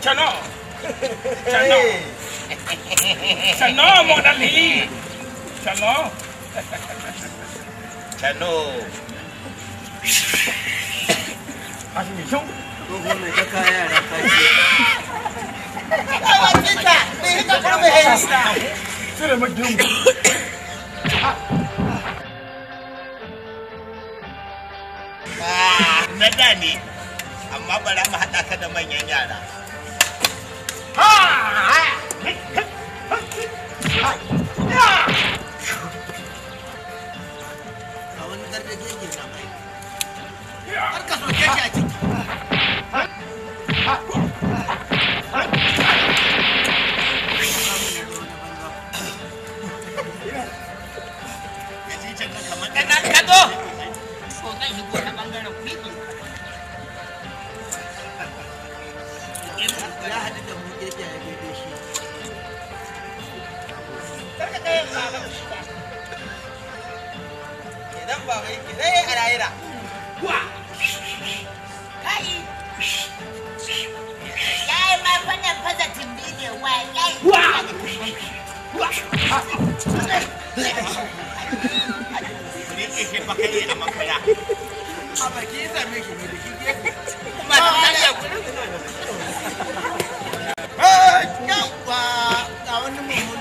cho nó cho nó cho nó một đàn lý à, cho nó cho nó à chị xuống tôi không được cái cây này cây gì ai mà chết cả đi hết cả hết về thế là mất đường à, à nè đây amma bara mu haɗa ka da manyan yara a ya haɗu da mu keke ya bebe shi karka kayan baba ka shi ba kenan baba yake dai a rayira kuwa kai yayi ma fannin faza tumbi ne wa yayi kuwa kuwa ne ke ke bakari a makara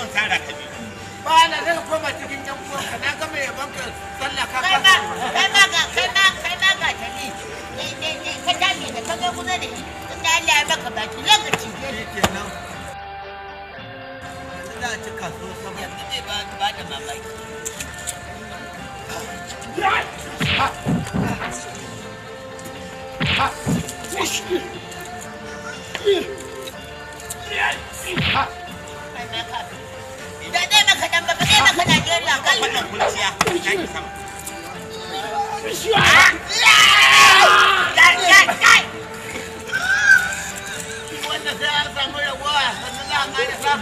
zan tsara ka bi ba na zai koma cikin uwanka na ga mai yaban ka ba kai ga kai kai ga ta ni ka da ka ga kusa da shi tunda Allah ya baka baki lokaci shi kenan za a ci kaso saboda zai ba ba da mamaki yana kana gela kan wannan kunciya ya ki sama wanda sai an samu ragowa sannan za a gane sam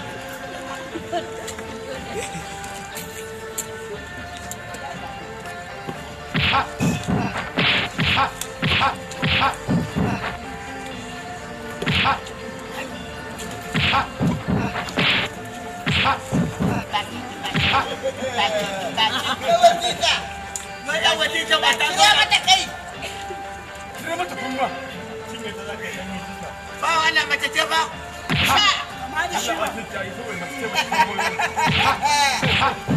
Ha! Ha! Ha! Ha! Ha! Ba Ha!